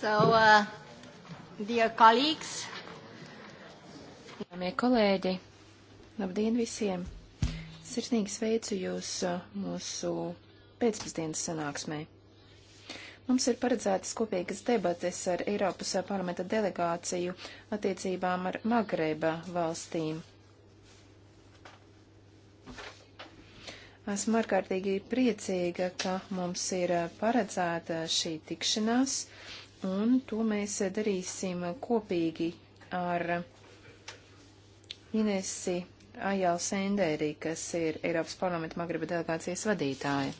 So, uh, dear colleagues. Jumie kolēģi, labdien visiem! Sirsnīgi sveicu jūs uh, mūsu pēcpusdienas sanāksmē. Mums ir paredzētas kopīgas debates ar Eiropas parlamenta delegāciju attiecībām ar Magreba valstīm. Esmu ārkārtīgi priecīga, ka mums ir eh, paredzēta šī tikšanās, un to mēs darīsim kopīgi ar Inesi Ajāls Endērī, kas ir Eiropas parlamenta Magreba delegācijas vadītāja.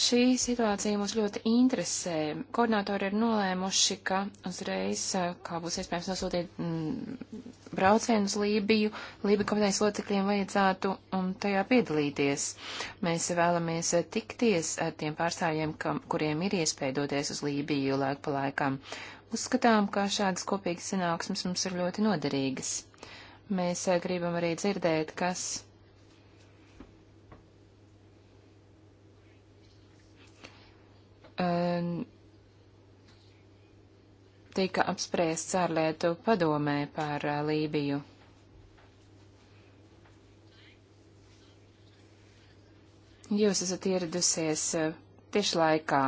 Šī situācija mūs ļoti interesē. Koordinātori ir nolēmuši, ka uzreiz, eh, kā būs iespējams nosūtīt m, mm, braucienu uz Lībiju, Lībiju komitejas locekļiem vajadzētu um, tajā piedalīties. Mēs vēlamies eh, tikties ar tiem pārstāvjiem, kam, kuriem ir iespēja doties uz Lībiju laiku pa laikam. Uzskatām, ka šādas kopīgas sanāksmes mums ir ļoti noderīgas. Mēs eh, gribam arī dzirdēt, kas Ehm, tika apspriests ārlietu padomē par eh, Lībiju. Jūs esat ieradusies eh, tieši laikā.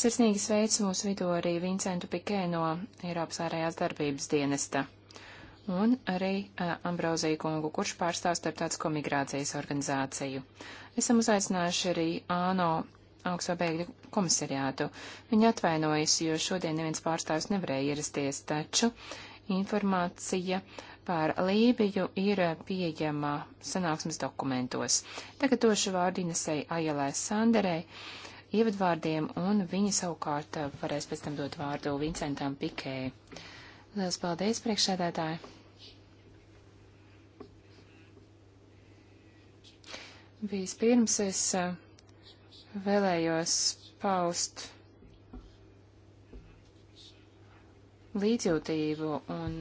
Sirsnīgi sveicu mūsu vidū arī Vincentu Pikē no Eiropas ārējās darbības dienesta un arī uh, Ambroziju kungu, kurš pārstāv starptautisko migrācijas organizāciju. Esam uzaicinājuši arī ANO augsto bēgļu komisariātu. Viņa atvainojas, jo šodien neviens pārstāvs nevarēja ierasties, taču informācija par Lībiju ir pieejama sanāksmes dokumentos. Tagad došu vārdu Inesei Ajalai Sanderei ievadvārdiem, un viņa savukārt varēs pēc tam dot vārdu Vincentam Pikē. Lielas paldies, priekšsēdētāji! Vispirms es eh, vēlējos paust līdzjūtību un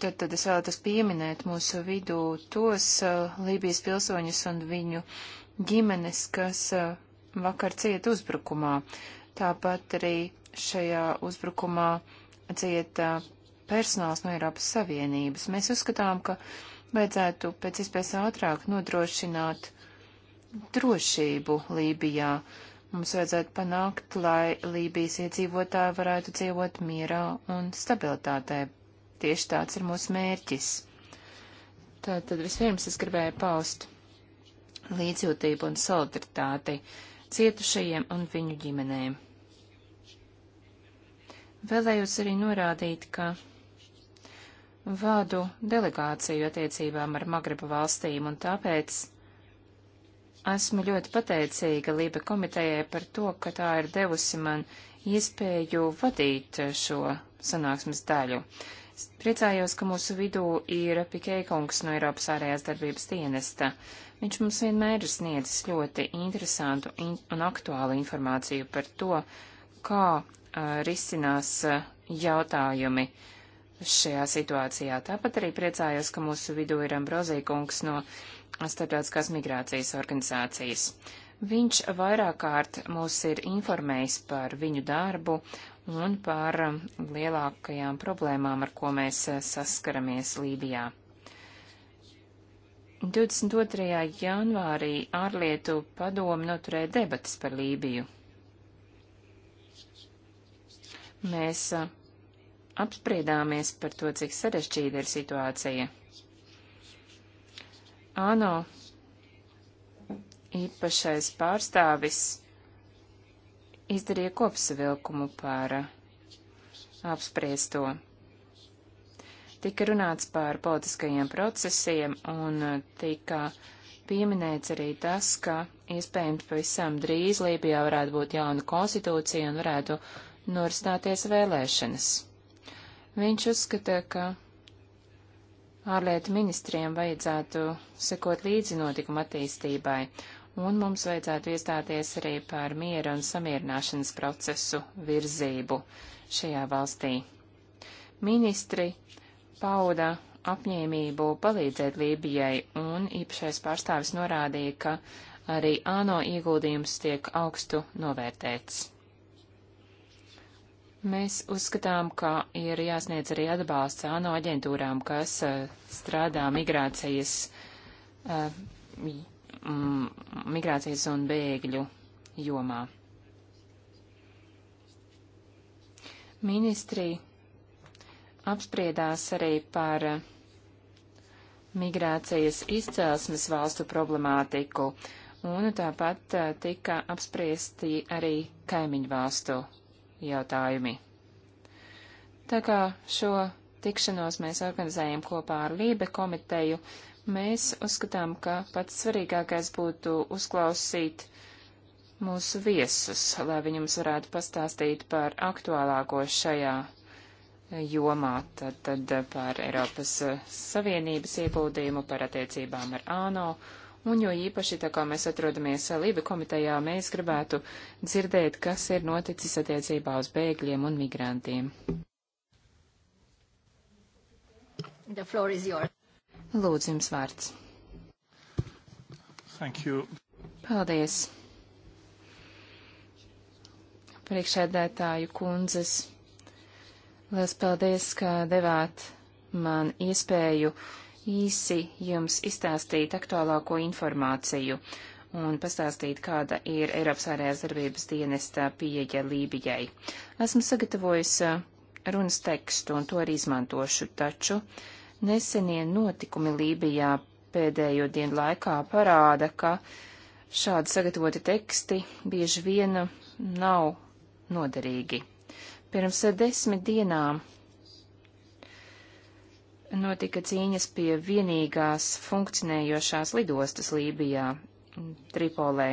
tad, tad es vēlētos pieminēt mūsu vidū tos uh, Lībijas pilsoņus un viņu ģimenes, kas uh, vakar ciet uzbrukumā. Tāpat arī šajā uzbrukumā cieta uh, personāls no Eiropas Savienības. Mēs uzskatām, ka vajadzētu pēc iespējas ātrāk nodrošināt drošību Lībijā. Mums vajadzētu panākt, lai Lībijas iedzīvotāji varētu dzīvot mierā un stabilitātē. Tieši tāds ir mūsu mērķis. Tātad vispirms es gribēju paust līdzjūtību un solidaritāti cietušajiem un viņu ģimenēm. Vēlējos arī norādīt, ka vādu delegāciju attiecībām ar Magreba valstīm, un tāpēc esmu ļoti pateicīga Lība komitejai par to, ka tā ir devusi man iespēju vadīt šo sanāksmes daļu. Priecājos, ka mūsu vidū ir Pikēkungs no Eiropas ārējās darbības dienesta. Viņš mums vienmēr ir sniedzis ļoti interesantu in un aktuālu informāciju par to, kā uh, risinās uh, jautājumi uh, šajā situācijā. Tāpat arī priecājos, ka mūsu vidū ir Ambrozīkungs no Starptautiskās migrācijas organizācijas. Viņš vairāk kārt mūs ir informējis par viņu darbu un par um, lielākajām problēmām, ar ko mēs uh, saskaramies Lībijā. 22. janvārī ārlietu padomi noturēja debatas par Lībiju. Mēs uh, apspriedāmies par to, cik sarežģīta ir situācija. ANO īpašais pārstāvis izdarīja kopsavilkumu par apspriesto. Tika runāts par politiskajiem procesiem un tika pieminēts arī tas, ka iespējams pavisam drīz Lībijā varētu būt jauna konstitūcija un varētu norisināties vēlēšanas. Viņš uzskata, ka ārlietu ministriem vajadzētu sekot līdzi notikuma attīstībai, un mums vajadzētu iestāties arī par miera un samierināšanas procesu virzību šajā valstī. Ministri pauda apņēmību palīdzēt Lībijai, un īpašais pārstāvis norādīja, ka arī ANO ieguldījums tiek augstu novērtēts. Mēs uzskatām, ka ir jāsniedz arī atbalsts ANO aģentūrām, kas eh, strādā migrācijas, eh, migrācijas un bēgļu jomā. Ministri apspriedās arī par eh, migrācijas izcelsmes valstu problemātiku, un tāpat tika apspriesti arī kaimiņu valstu jautājumi. Tā kā šo tikšanos mēs organizējam kopā ar Lībe komiteju, mēs uzskatām, ka pats svarīgākais būtu uzklausīt mūsu viesus, lai viņi mums varētu pastāstīt par aktuālāko šajā jomā, tad, tad par Eiropas Savienības ieguldījumu, par attiecībām ar ANO Un jo īpaši, tā kā mēs atrodamies Lība komitejā, mēs gribētu dzirdēt, kas ir noticis attiecībā uz bēgļiem un migrantiem. Lūdzu, jums vārds. Thank you. Paldies. Priekšēdētāju kundzes, liels paldies, ka devāt man iespēju uh, īsi jums izstāstīt aktuālāko informāciju un pastāstīt, kāda ir Eiropas ārējās darbības dienesta pieeja Lībijai. Esmu sagatavojis eh, runas tekstu un to arī izmantošu, taču nesenie notikumi Lībijā pēdējo dienu laikā parāda, ka šādi sagatavoti teksti bieži vien nav noderīgi. Pirms desmit dienām notika cīņas pie vienīgās funkcionējošās lidostas Lībijā, Tripolē.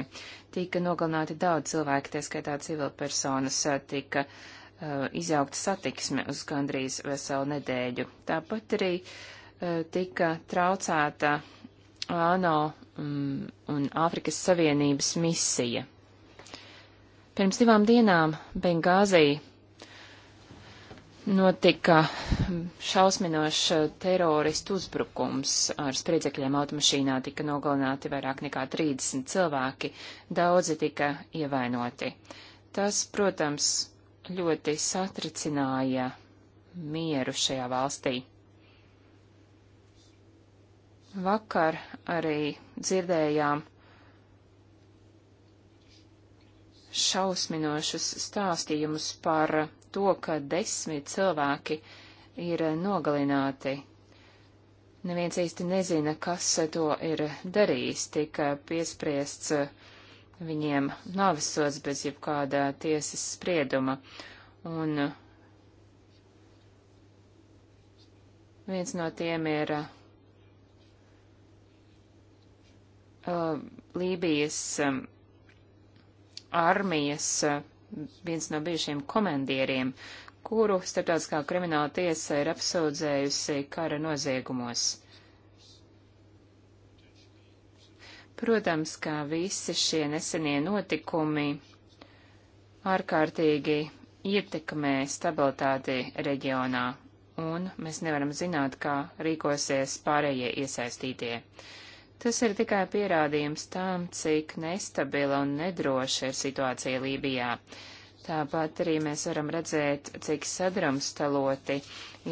Tika nogalināti daudz cilvēki, tie skaitā civilpersonas, tika uh, izjaukta satiksme uz gandrīz veselu nedēļu. Tāpat arī uh, tika traucēta ANO um, un Āfrikas Savienības misija. Pirms divām dienām Bengāzija notika šausminošs eh, teroristu uzbrukums. Ar spriedzekļiem automašīnā tika nogalināti vairāk nekā 30 cilvēki, daudzi tika ievainoti. Tas, protams, ļoti satricināja mieru šajā valstī. Vakar arī dzirdējām šausminošus stāstījumus par to, ka desmit cilvēki ir nogalināti. Neviens īsti nezina, kas to ir darījis, tika piespriests viņiem navisots bez jebkāda tiesas sprieduma. Un viens no tiem ir uh, Lībijas um, armijas uh, viens no bijušiem komandieriem, kuru starptautiskā krimināla tiesa ir apsūdzējusi kara noziegumos. Protams, ka visi šie nesenie notikumi ārkārtīgi ietekmē stabilitāti reģionā, un mēs nevaram zināt, kā rīkosies pārējie iesaistītie. Tas ir tikai pierādījums tam, cik nestabila un nedroša ir situācija Lībijā. Tāpat arī mēs varam redzēt, cik sadrumstaloti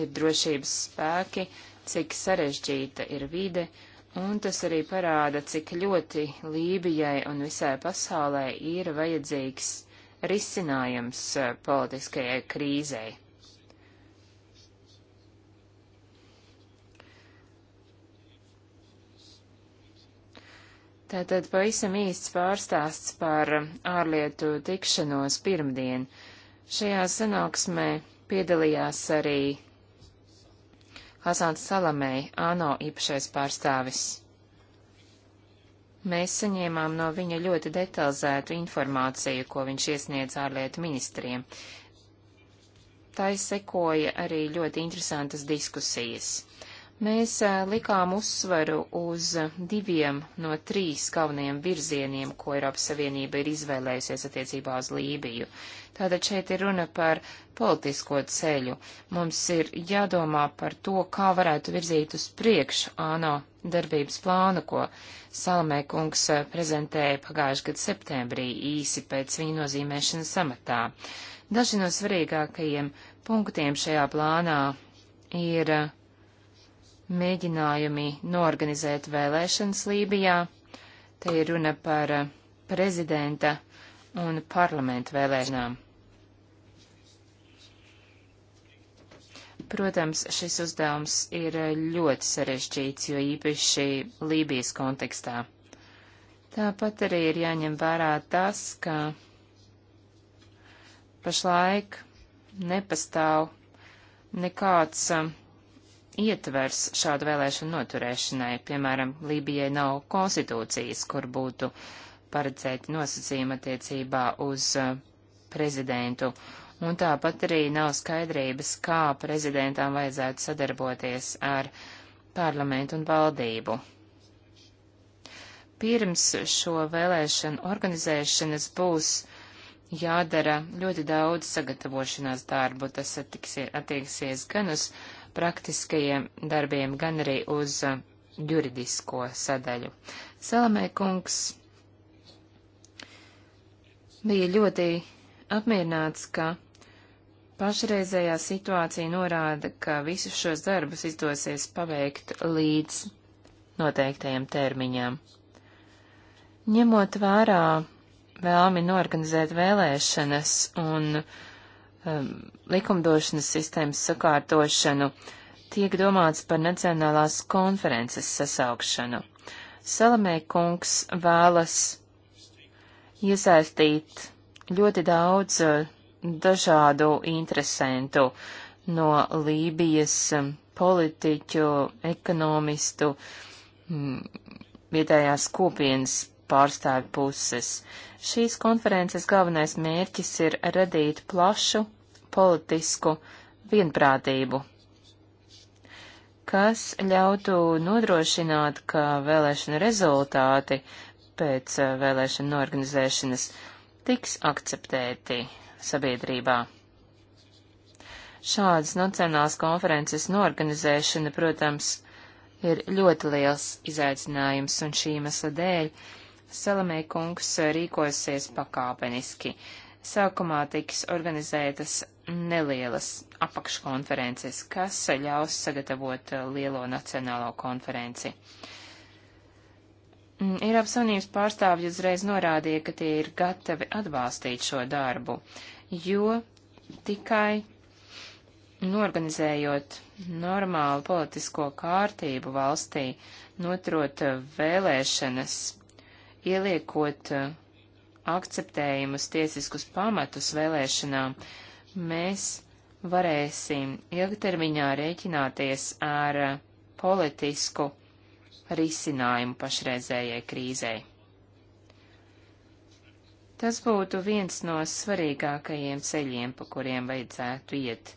ir drošības spēki, cik sarežģīta ir vide, un tas arī parāda, cik ļoti Lībijai un visai pasaulē ir vajadzīgs risinājums eh, politiskajai krīzei. Tātad pavisam īsts pārstāsts par ārlietu tikšanos pirmdien. Šajā sanāksmē piedalījās arī Hasans Salamei, ANO īpašais pārstāvis. Mēs saņēmām no viņa ļoti detalizētu informāciju, ko viņš iesniedz ārlietu ministriem. Tā izsekoja arī ļoti interesantas diskusijas. Mēs likām uzsvaru uz diviem no trīs galvenajiem virzieniem, ko Eiropas Savienība ir izvēlējusies attiecībā uz Lībiju. Tātad šeit ir runa par politisko ceļu. Mums ir jādomā par to, kā varētu virzīt uz priekšu ANO darbības plānu, ko Salamē kungs prezentēja pagājušajā gadu septembrī īsi pēc viņa nozīmēšanas samatā. Daži no svarīgākajiem punktiem šajā plānā ir mēģinājumi norganizēt vēlēšanas Lībijā. Te ir runa par eh, prezidenta un parlamenta vēlēšanām. Protams, šis uzdevums ir eh, ļoti sarežģīts, jo īpaši Lībijas kontekstā. Tāpat arī ir jāņem vērā tas, ka pašlaik nepastāv nekāds eh, ietvers šādu vēlēšanu noturēšanai. Piemēram, Lībijai nav konstitūcijas, kur būtu paredzēti nosacījumi attiecībā uz uh, prezidentu. Un tāpat arī nav skaidrības, kā prezidentām vajadzētu sadarboties ar parlamentu un valdību. Pirms šo vēlēšanu organizēšanas būs jādara ļoti daudz sagatavošanās darbu. Tas attieksies gan uz praktiskajiem darbiem, gan arī uz uh, juridisko sadaļu. Salamē kungs bija ļoti apmierināts, ka pašreizējā situācija norāda, ka visus šos darbus izdosies paveikt līdz noteiktajam termiņam. Ņemot vērā vēlmi norganizēt vēlēšanas un uh, um, likumdošanas sistēmas sakārtošanu, tiek domāts par Nacionālās konferences sasaukšanu. Salamē kungs vēlas iesaistīt ļoti daudz uh, dažādu interesentu no Lībijas um, politiķu, ekonomistu, mm, vietējās kopienas pārstāvi puses. Šīs konferences galvenais mērķis ir radīt plašu politisku vienprātību, kas ļautu nodrošināt, ka vēlēšana rezultāti pēc eh, vēlēšana norganizēšanas tiks akceptēti sabiedrībā. Šādas nacionālās konferences norganizēšana, protams, ir ļoti liels izaicinājums, un šī iemesla dēļ Salamē kungs rīkosies pakāpeniski. Sākumā tiks organizētas nelielas apakškonferences, kas ļaus sagatavot lielo nacionālo konferenci. Mm, Eiropas Savienības pārstāvji uzreiz norādīja, ka tie ir gatavi atbalstīt šo darbu, jo tikai norganizējot normālu politisko kārtību valstī, notrot vēlēšanas ieliekot eh, akceptējumus tiesiskus pamatus vēlēšanām, mēs varēsim ilgtermiņā rēķināties ar eh, politisku risinājumu pašreizējai krīzei. Tas būtu viens no svarīgākajiem ceļiem, pa kuriem vajadzētu iet.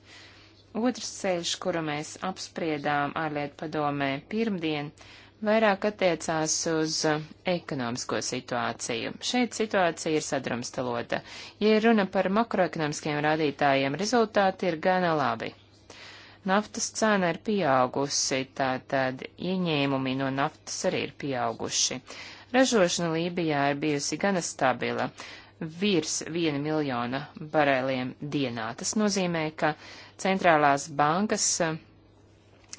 Otrs ceļš, kuru mēs apspriedām ārlietu padomē pirmdien, ir vairāk attiecās uz uh, ekonomisko situāciju. Šeit situācija ir sadrumstalota. Ja runa par makroekonomiskiem rādītājiem, rezultāti ir gana labi. Naftas cena ir pieaugusi, tātad ieņēmumi no naftas arī ir pieauguši. Ražošana Lībijā ir bijusi gana stabila, virs viena miljona bareliem dienā. Tas nozīmē, ka centrālās bankas uh,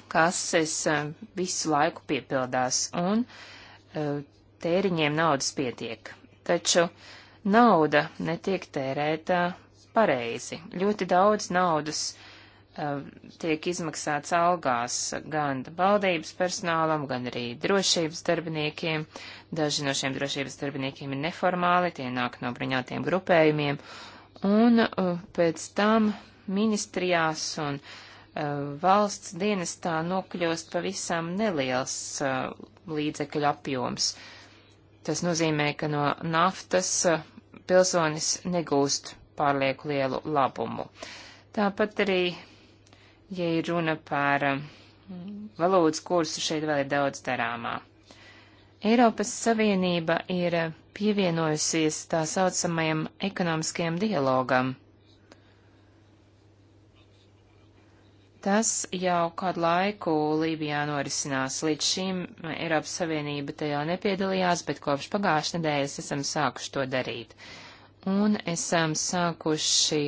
kases e, visu laiku piepildās un e, tēriņiem naudas pietiek. Taču nauda netiek tērēta pareizi. Ļoti daudz naudas e, tiek izmaksāts algās gan valdības personālam, gan arī drošības darbiniekiem. Daži no šiem drošības darbiniekiem ir neformāli, tie nāk no bruņātiem grupējumiem. Un pēc tam ministrijās un uh, Eh, valsts dienestā nokļūst pavisam neliels eh, līdzekļu apjoms. Tas nozīmē, ka no naftas eh, pilsonis negūst pārlieku lielu labumu. Tāpat arī, ja ir runa par valūtas kursu, šeit vēl ir daudz darāmā. Eiropas Savienība ir pievienojusies tā saucamajam ekonomiskajam dialogam. Tas jau kādu laiku Lībijā norisinās. Līdz šim Eiropas Savienība tajā nepiedalījās, bet kopš pagājušas nedēļas esam sākuši to darīt. Un esam sākuši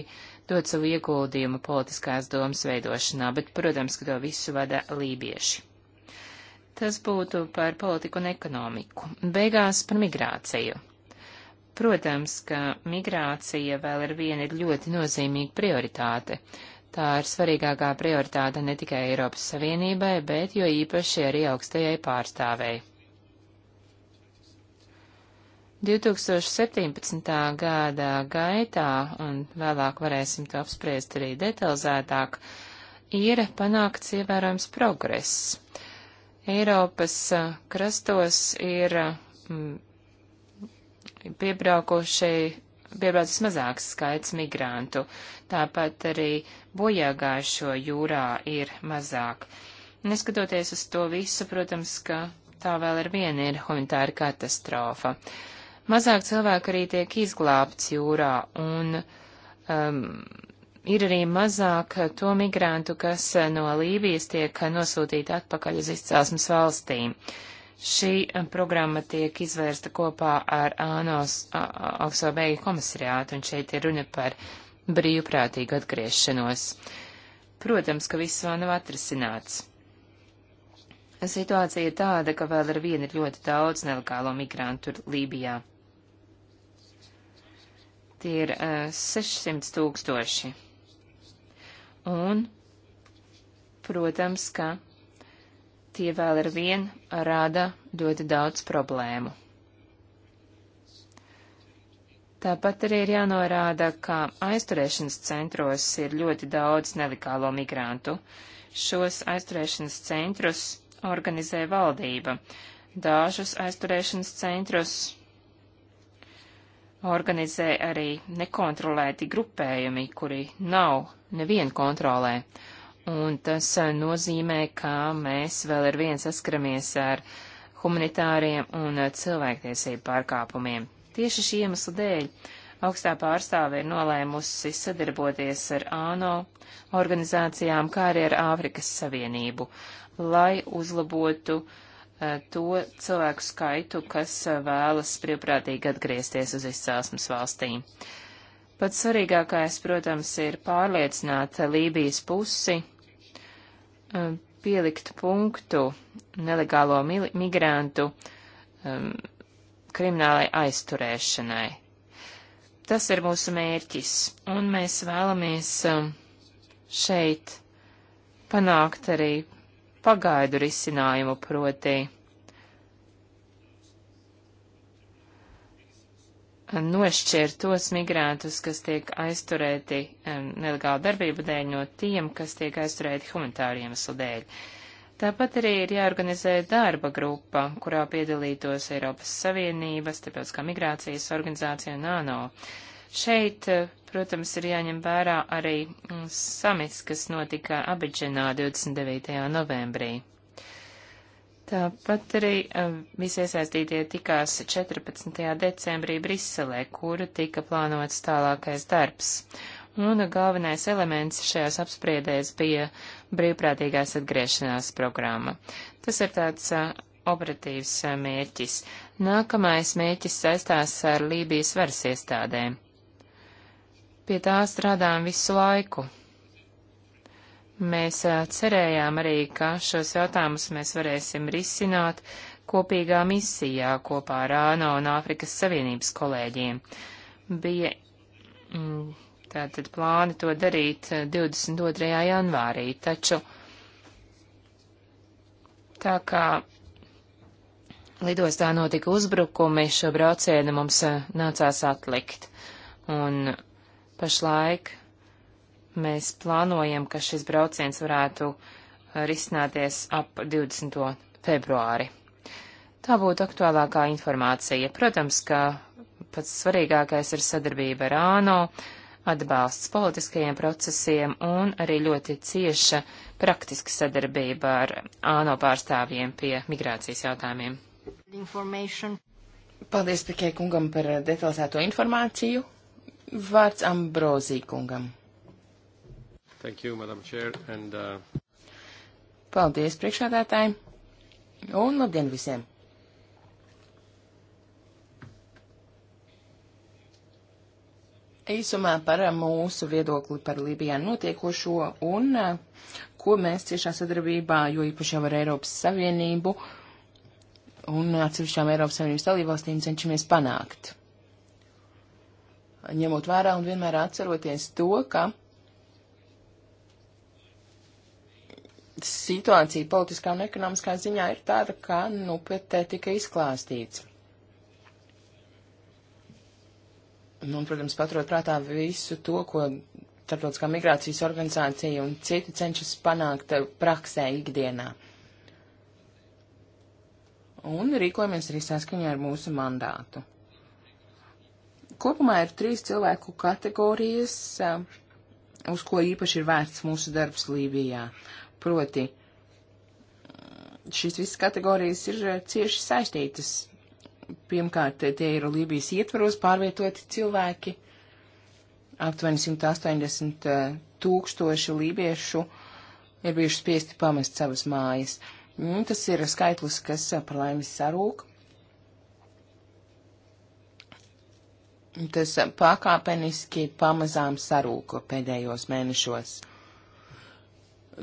dot savu ieguldījumu politiskās domas veidošanā, bet, protams, ka to visu vada lībieši. Tas būtu par politiku un ekonomiku. Beigās par migrāciju. Protams, ka migrācija vēl ar vienu ir ļoti nozīmīga prioritāte Tā ir svarīgākā prioritāte ne tikai Eiropas Savienībai, bet jo īpaši arī augstajai pārstāvei. 2017. gada gaitā, un vēlāk varēsim to apspriest arī detalizētāk, ir panākts ievērojams progress. Eiropas krastos ir mm, piebraukuši piebraucis mazāks skaits migrantu, tāpat arī bojāgājušo jūrā ir mazāk. Neskatoties uz to visu, protams, ka tā vēl ar vienu ir humanitāra katastrofa. Mazāk cilvēku arī tiek izglābts jūrā, un um, ir arī mazāk to migrantu, kas no Lībijas tiek nosūtīti atpakaļ uz izcelsmes valstīm. Uh, Šī eh, programma tiek izvērsta kopā ar ANOS augsto beigu komisariātu, un šeit ir runa par brīvprātīgu atgriešanos. Protams, ka viss vēl nav atrisināts. Situācija ir tāda, ka vēl ar vienu ir ļoti daudz nelegālo migrantu Lībijā. Tie ir uh, eh, 600 tūkstoši. Un, protams, ka tie vēl ar vien rāda ļoti daudz problēmu. Tāpat arī ir jānorāda, ka aizturēšanas centros ir ļoti daudz nelikālo migrantu. Šos aizturēšanas centrus organizē valdība. Dažus aizturēšanas centrus organizē arī nekontrolēti grupējumi, kuri nav nevienu kontrolē. Uh, un tas nozīmē, ka mēs vēl ar vien saskaramies ar humanitāriem un cilvēktiesību pārkāpumiem. Tieši šī iemesla dēļ augstā pārstāve ir nolēmusi sadarboties ar ANO organizācijām, kā arī ar Āfrikas Savienību, lai uzlabotu uh, to cilvēku skaitu, kas uh, vēlas brīvprātīgi atgriezties uz izcelsmes valstīm. Pats svarīgākais, protams, ir pārliecināt Lībijas pusi um, pielikt punktu nelegālo migrantu um, kriminālai aizturēšanai. Tas ir mūsu mērķis, un mēs vēlamies um, šeit panākt arī pagaidu risinājumu proti nošķirt tos migrantus, kas tiek aizturēti um, nelegāla darbība dēļ, no tiem, kas tiek aizturēti humanitāru iemeslu dēļ. Tāpat arī ir jāorganizē darba grupa, kurā piedalītos Eiropas Savienības, starptautiskā migrācijas organizācija un ANO. Šeit, eh, protams, ir jāņem vērā arī mm, samits, kas notika Abidžanā 29. novembrī. Tāpat arī eh, visi iesaistītie tikās 14. decembrī Briselē, kur tika plānots tālākais darbs. Un galvenais elements šajās apspriedēs bija brīvprātīgās atgriešanās programma. Tas ir tāds eh, operatīvs eh, mērķis. Nākamais mērķis saistās ar Lībijas varas iestādēm. Pie tā strādājam visu laiku. Mēs cerējām arī, ka šos jautājumus mēs varēsim risināt kopīgā misijā kopā ar ANO un Āfrikas Savienības kolēģiem. Bija mm, tātad plāni to darīt 22. janvārī, taču tā kā lidostā notika uzbrukumi, šo braucienu mums nācās atlikt. Un pašlaik Mēs plānojam, ka šis brauciens varētu uh, risināties ap 20. februāri. Tā būtu aktuālākā informācija. Protams, ka pats svarīgākais ir sadarbība ar ANO, atbalsts politiskajiem procesiem un arī ļoti cieša praktiska sadarbība ar ANO pārstāvjiem pie migrācijas jautājumiem. Paldies Pikē kungam par detalizēto informāciju. Vārds Ambrozī kungam. Thank you, Madam Chair, and... Uh... Paldies, priekšādātāji, un labdien visiem! īsumā par mūsu viedokli par Lībijā notiekošo un uh, ko mēs ciešā sadarbībā, jo īpaši jau ar Eiropas Savienību un atsevišķām Eiropas Savienības dalībvalstīm cenšamies panākt. Ņemot vērā un vienmēr atceroties to, ka situācija politiskā un ekonomiskā ziņā ir tāda, kā nu pat te tika izklāstīts. Nu, un, protams, paturot prātā visu to, ko Starptautiskā migrācijas organizācija un citi cenšas panākt praksē ikdienā. Un rīkojamies arī saskaņā ar mūsu mandātu. Kopumā ir trīs cilvēku kategorijas, uh, uz ko īpaši ir vērts mūsu darbs Lībijā. Proti, šīs visas kategorijas ir eh, cieši saistītas. Pirmkārt, tie ir Lībijas ietvaros pārvietoti cilvēki, aptuveni 180 eh, tūkstoši lībiešu ir bijuši spiesti pamest savas mājas. Tas ir skaitlis, kas eh, par laimi sarūk. Tas pakāpeniski pamazām sarūko pēdējos mēnešos.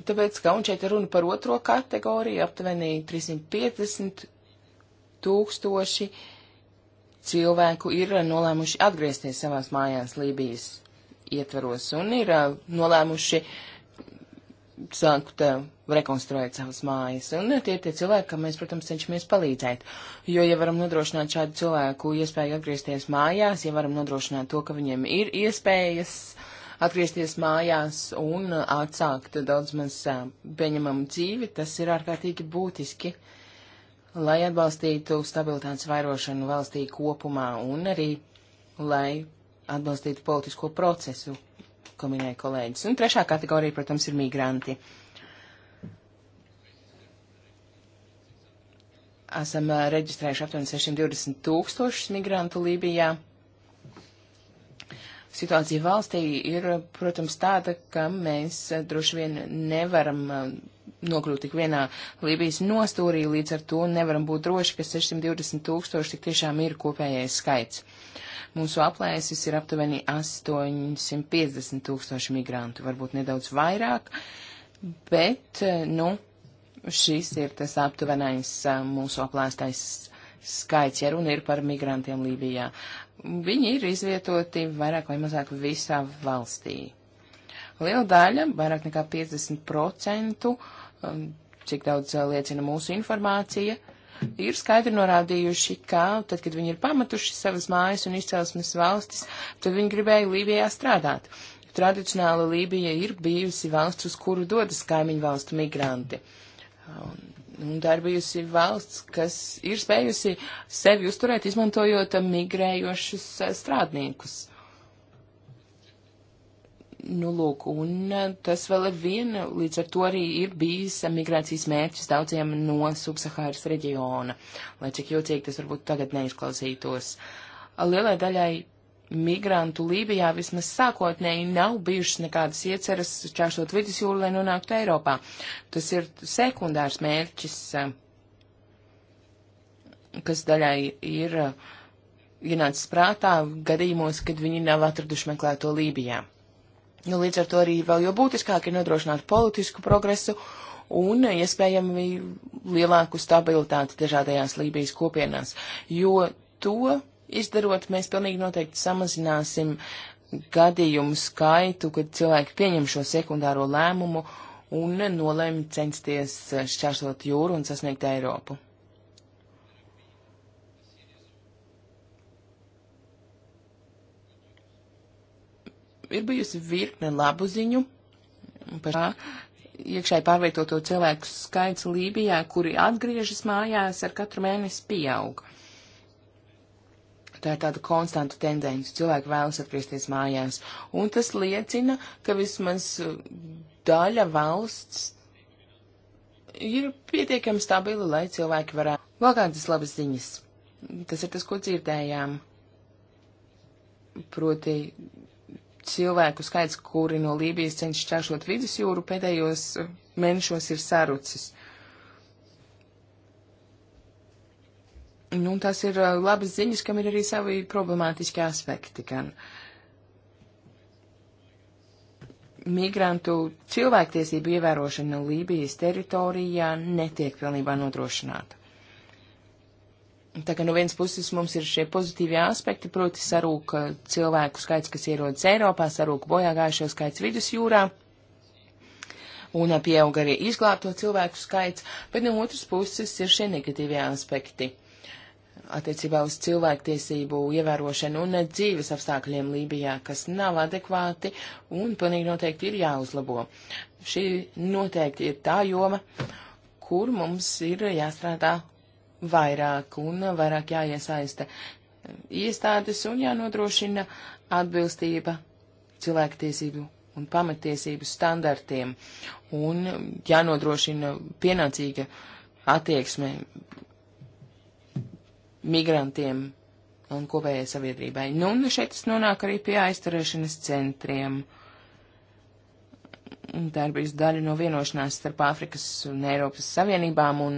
Tāpēc, ka un šeit ir runa par otro kategoriju, aptuveni 350 tūkstoši cilvēku ir uh, nolēmuši atgriezties savās mājās Lībijas ietvaros un ir uh, nolēmuši sākt uh, rekonstruēt savas mājas. Un tie ir tie cilvēki, kam mēs, protams, cenšamies palīdzēt. Jo, ja varam nodrošināt šādu cilvēku iespēju atgriezties mājās, ja varam nodrošināt to, ka viņiem ir iespējas uh, atgriezties mājās un atsākt daudz maz pieņemamu dzīvi, tas ir ārkārtīgi būtiski, lai atbalstītu stabilitātes vairošanu valstī kopumā un arī, lai atbalstītu politisko procesu, ko minēja kolēģis. Un trešā kategorija, protams, ir migranti. Esam reģistrējuši aptuveni 620 tūkstošus migrantu Lībijā situācija valstī ir, protams, tāda, ka mēs eh, droši vien nevaram eh, nokļūt tik vienā Lībijas nostūrī, līdz ar to nevaram būt droši, ka 620 tūkstoši tik tiešām ir kopējais skaits. Mūsu aplēsis ir aptuveni 850 tūkstoši migrantu, varbūt nedaudz vairāk, bet, eh, nu, šis ir tas aptuvenais mūsu aplēstais skaits, ja runa ir par migrantiem Lībijā. Viņi ir izvietoti vairāk vai mazāk visā valstī. Liela daļa, vairāk nekā 50%, um, cik daudz uh, liecina mūsu informācija, ir skaidri norādījuši, ka tad, kad viņi ir pametuši savas mājas un izcelsmes valstis, tad viņi gribēja Lībijā strādāt. Tradicionāli Lībija ir bijusi valsts, uz kuru dodas kaimiņu valstu migranti. Un Un nu, tā ir bijusi valsts, kas ir spējusi sevi uzturēt, izmantojot migrējošus eh, strādniekus. Nu, lūk, un eh, tas vēl ir viena, līdz ar to arī ir bijis eh, migrācijas mērķis daudziem no subsahāras reģiona, lai cik jocīgi tas varbūt tagad neizklausītos. Lielai daļai migrantu Lībijā vismaz sākotnēji nav bijušas nekādas ieceras čāšot vidusjūru, lai nonāktu Eiropā. Tas ir sekundārs mērķis, eh, kas daļai ir eh, ienācis prātā gadījumos, kad viņi nav atraduši meklēto Lībijā. Nu, līdz ar to arī vēl jau būtiskāk ir nodrošināt politisku progresu un eh, iespējami lielāku stabilitāti dažādajās Lībijas kopienās, jo to izdarot, mēs pilnīgi noteikti samazināsim gadījumu skaitu, kad cilvēki pieņem šo sekundāro lēmumu un nolēma censties šķērsot jūru un sasniegt Eiropu. Ir bijusi virkne labu ziņu par iekšēji pārvietoto cilvēku skaits Lībijā, kuri atgriežas mājās ar katru mēnesi pieauga. Tā ir tāda konstanta tendence. Cilvēki vēlas atgriezties mājās. Un tas liecina, ka vismaz uh, daļa valsts ir pietiekami stabila, lai cilvēki varētu. Vēl kādas labas ziņas. Tas ir tas, ko dzirdējām. Proti, cilvēku skaits, kuri no Lībijas cenšas čāšot vidusjūru, pēdējos uh, mēnešos ir sarucis. Uh, Nu, tas ir labas ziņas, kam ir arī savi problemātiski aspekti, gan migrantu cilvēktiesību ievērošana Lībijas teritorijā netiek pilnībā nodrošināta. Tā kā no nu vienas puses mums ir šie pozitīvie aspekti, proti sarūk cilvēku skaits, kas ierodas Eiropā, sarūk bojāgājušo skaits vidusjūrā, un pieaug arī izglābto cilvēku skaits, bet no otras puses ir šie negatīvie aspekti attiecībā uz cilvēktiesību ievērošanu un dzīves apstākļiem Lībijā, kas nav adekvāti un pilnīgi noteikti ir jāuzlabo. Šī noteikti ir tā joma, kur mums ir jāstrādā vairāk un vairāk jāiesaista iestādes un jānodrošina atbilstība cilvēktiesību un pamatiesību standartiem un jānodrošina pienācīga attieksme migrantiem un kopējai sabiedrībai. Nu, un šeit tas nonāk arī pie aizturēšanas centriem. Tā ir bijusi daļa no vienošanās starp Āfrikas un Eiropas Savienībām, un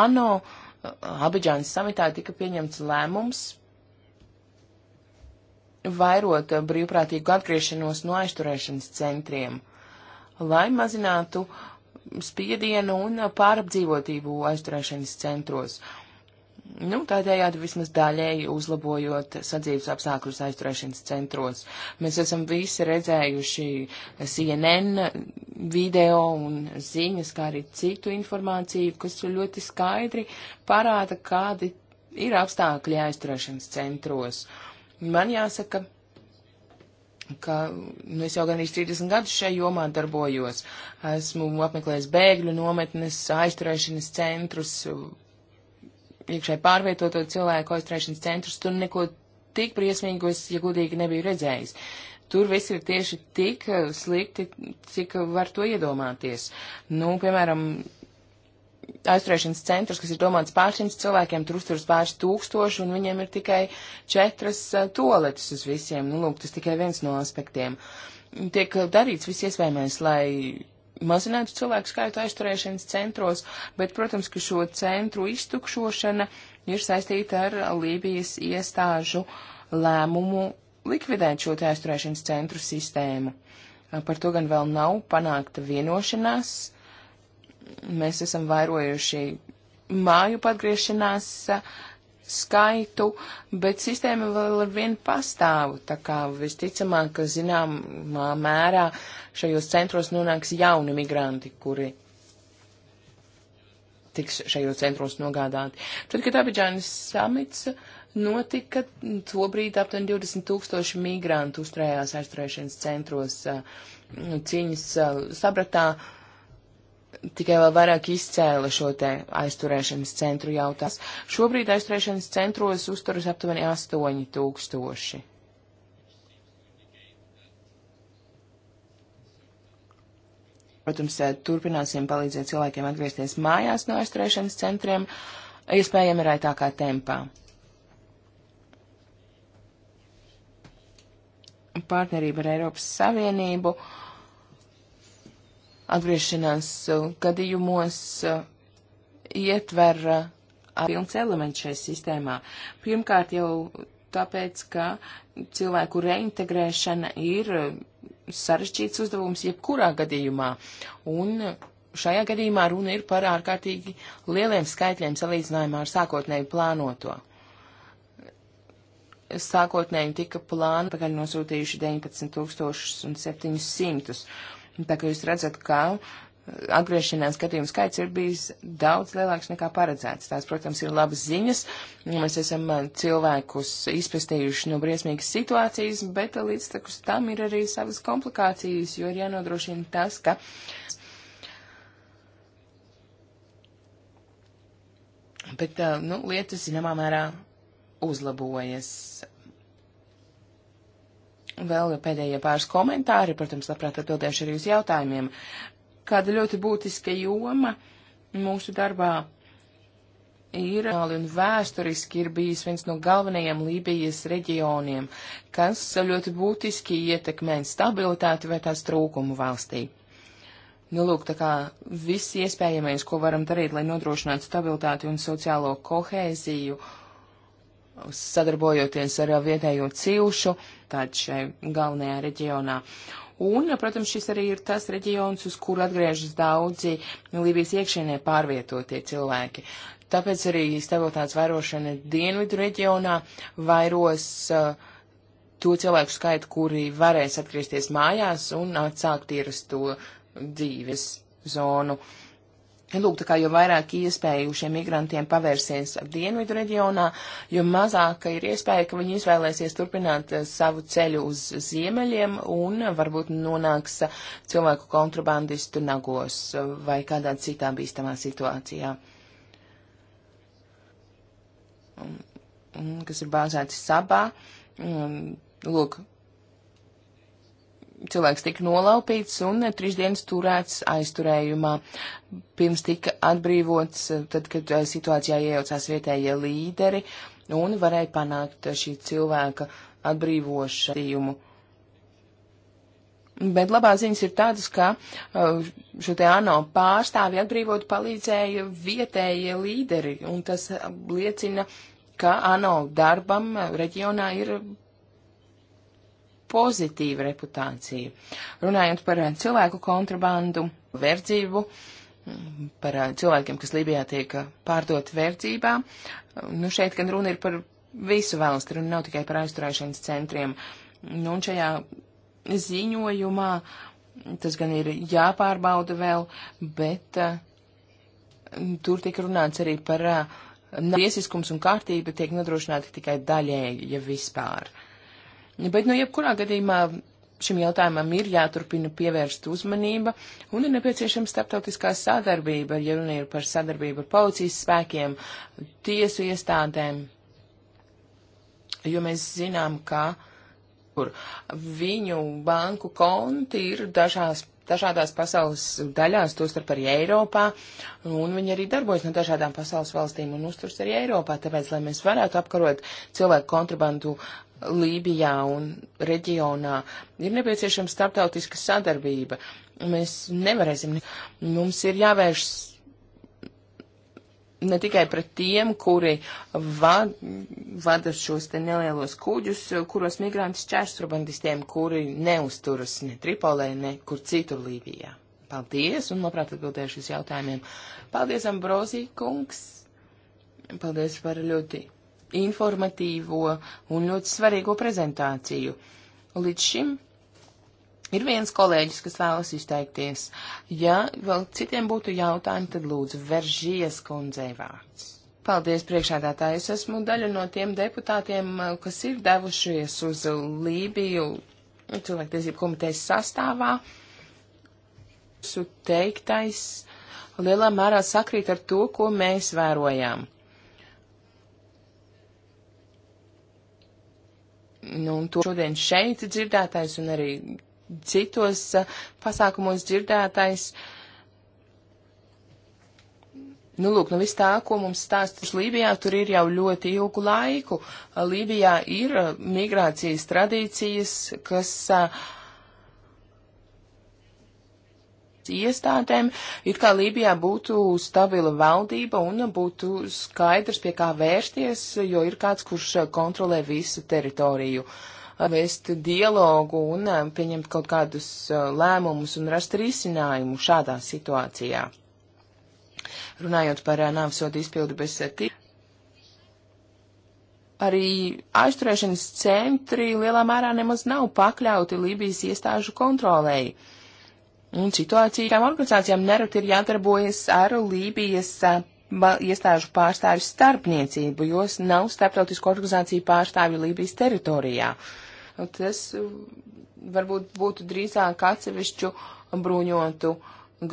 ANO eh, Abidžānas samitā tika pieņemts lēmums vairot brīvprātīgu atgriešanos no aizturēšanas centriem, lai mazinātu spiedienu un pārapdzīvotību aizturēšanas centros. Uh, Nu, tādējādi vismaz daļēji uzlabojot sadzīves apstākļus aizturēšanas centros. Mēs esam visi redzējuši CNN video un ziņas, kā arī citu informāciju, kas ļoti skaidri parāda, kādi ir apstākļi aizturēšanas centros. Man jāsaka, ka nu, es jau gandrīz 30 gadus šajā jomā darbojos. Esmu apmeklējis bēgļu nometnes, aizturēšanas centrus, iekšēji pārvietoto cilvēku aizturēšanas centrus, tur neko tik briesmīgu es, ja godīgi, nebiju redzējis. Tur viss ir tieši tik eh, slikti, cik var to iedomāties. Nu, piemēram, aizturēšanas centrs, kas ir domāts pārsimt cilvēkiem, tur uzturas pāris tūkstoši, un viņiem ir tikai četras eh, toaletes uz visiem. Nu, lūk, tas tikai viens no aspektiem. Tiek eh, darīts viss iespējamais, lai mazinātu cilvēku skaitu aizturēšanas centros, bet, protams, ka šo centru iztukšošana ir saistīta ar Lībijas iestāžu lēmumu likvidēt šo aizturēšanas centru sistēmu. Par to gan vēl nav panākta vienošanās. Mēs esam vairojuši māju patgriešanās skaitu, bet sistēma vēl ar vienu pastāvu, tā kā visticamāk, ka zināmā mērā šajos centros nonāks jauni migranti, kuri tiks šajos centros nogādāti. Tad, kad Abidžānis samits notika, tobrīd aptuveni 20 tūkstoši migrantu uzturējās aizturēšanas centros cīņas sabratā tikai vēl vairāk izcēla šo te aizturēšanas centru jautās. Šobrīd aizturēšanas centros uzturas aptuveni 8 tūkstoši. Protams, eh, turpināsim palīdzēt cilvēkiem atgriezties mājās no aizturēšanas centriem, iespējami raitākā tempā. Partnerība ar Eiropas Savienību. Uh, atgriešanās uh, gadījumos uh, ietver uh, pilns elements šajā sistēmā. Pirmkārt jau tāpēc, ka cilvēku reintegrēšana ir sarežģīts uzdevums jebkurā gadījumā. Un šajā gadījumā runa ir par ārkārtīgi lieliem skaitļiem salīdzinājumā ar sākotnēju plānoto. Sākotnēji tika plānu pagaļ nosūtījuši 19 700, Tā kā jūs redzat, ka eh, atgriešanās skatījumu skaits ir bijis daudz lielāks nekā paredzēts. Tās, protams, ir labas ziņas. Mēs esam eh, cilvēkus izpestījuši no briesmīgas situācijas, bet eh, līdz takus tam ir arī savas komplikācijas, jo ir jānodrošina tas, ka. Bet, nu, lietas zināmā mērā uzlabojas Vēl pēdējie pāris komentāri, protams, labprāt atbildēšu arī uz jautājumiem. Kāda ļoti būtiska joma mūsu darbā ir un vēsturiski ir bijis viens no galvenajiem Lībijas reģioniem, kas ļoti būtiski ietekmē stabilitāti vai tās trūkumu valstī. Nu, lūk, tā kā viss iespējamais, ko varam darīt, lai nodrošinātu stabilitāti un sociālo kohēziju sadarbojoties ar vietējo cilšu, tātad šai galvenajā reģionā. Un, protams, šis arī ir tas reģions, uz kuru atgriežas daudzi Lībijas iekšienē pārvietotie cilvēki. Tāpēc arī stabilitātes vērošana dienvidu reģionā vairos uh, to cilvēku skaitu, kuri varēs atgriezties mājās un atsākt ierasto dzīves zonu. Uh, Nu, lūk, tā kā jo vairāk iespēju šiem migrantiem pavērsies dienvidu reģionā, jo mazāka ir iespēja, ka viņi izvēlēsies turpināt eh, savu ceļu uz ziemeļiem un varbūt nonāks eh, cilvēku kontrabandistu nagos eh, vai kādā citā bīstamā situācijā, mm, mm, kas ir bāzēts sabā. Mm, lūk, cilvēks tika nolaupīts un trīs dienas turēts aizturējumā. Pirms tika atbrīvots, eh, tad, kad eh, situācijā iejaucās vietējie līderi un varēja panākt šī cilvēka atbrīvošanu. Bet labā ziņas ir tādas, ka eh, šo te ANO pārstāvi atbrīvot palīdzēja vietējie līderi, un tas liecina, ka ANO darbam reģionā ir pozitīva reputācija. Runājot par eh, cilvēku kontrabandu, verdzību, mm, par eh, cilvēkiem, kas Libijā tiek eh, pārdot verdzībā, nu šeit gan runa ir par visu valsti, runa nav tikai par aizturēšanas centriem. Nu, un šajā ziņojumā tas gan ir jāpārbauda vēl, bet uh, tur tika runāts arī par uh, tiesiskums un kārtība tiek nodrošināta tikai daļēji, ja vispār. Uh, Bet, nu, jebkurā gadījumā šim jautājumam ir jāturpina pievērst uzmanība un ir nepieciešama starptautiskā sadarbība, ja runa ir par sadarbību ar policijas spēkiem, tiesu iestādēm, jo mēs zinām, ka kur viņu banku konti ir dažās, dažādās pasaules daļās, tostarp arī Eiropā, un viņi arī darbojas no dažādām pasaules valstīm un uzturs arī Eiropā, tāpēc, lai mēs varētu apkarot cilvēku kontrabandu Lībijā un reģionā. Ir nepieciešama starptautiska sadarbība. Mēs nevarēsim, mums ir jāvēršas ne tikai pret tiem, kuri vad, vada šos te nelielos kuģus, kuros migranti šķērš trubandistiem, kuri neusturas ne Tripolē, ne kur citur Lībijā. Paldies un labprāt atbildēšu uz jautājumiem. Paldies, Ambrozī kungs. Paldies par ļoti informatīvo un ļoti svarīgo prezentāciju. Līdz šim ir viens kolēģis, kas vēlas izteikties. Ja vēl citiem būtu jautājumi, tad lūdzu veržies kundzei vārds. Paldies, priekšādātāji. Es esmu daļa no tiem deputātiem, eh, kas ir devušies uz Lībiju cilvēktiesību komitejas sastāvā. Su teiktais lielā mērā sakrīt ar to, ko mēs vērojām. Nu, un to šodien šeit dzirdētais un arī citos pasākumos dzirdētais. Nu, lūk, nu viss tā, ko mums stāstas Lībijā, tur ir jau ļoti ilgu laiku. Lībijā ir migrācijas tradīcijas, kas uh, iestādēm, it kā Lībijā būtu stabila valdība un būtu skaidrs, pie kā vērsties, jo ir kāds, kurš kontrolē visu teritoriju. Vēst dialogu un um, pieņemt kaut kādus uh, lēmumus un rast risinājumu šādā situācijā. Runājot par uh, nāvsodu izpildu bez uh, tīk arī aizturēšanas centri lielā mērā nemaz nav pakļauti Lībijas iestāžu kontrolēji. Un situācijām organizācijām nerad ir jādarbojas ar Lībijas iestāžu pārstāvju starpniecību, jo nav starptautisku organizāciju pārstāvju Lībijas teritorijā. Tas varbūt būtu drīzāk atsevišķu bruņotu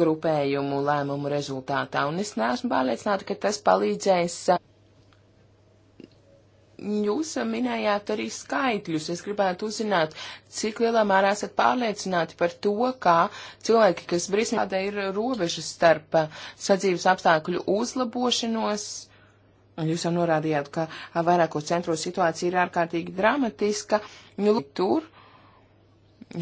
grupējumu lēmumu rezultātā, un es neesmu pārliecināta, ka tas palīdzēs Jūs minējāt arī skaitļus. Es gribētu uzzināt, cik lielā mērā esat pārliecināti par to, kā cilvēki, kas Briselē ir robežas starp sadzīves apstākļu uzlabošanos. Jūs jau norādījāt, ka vairāko centro situācija ir ārkārtīgi dramatiska. Nu, tur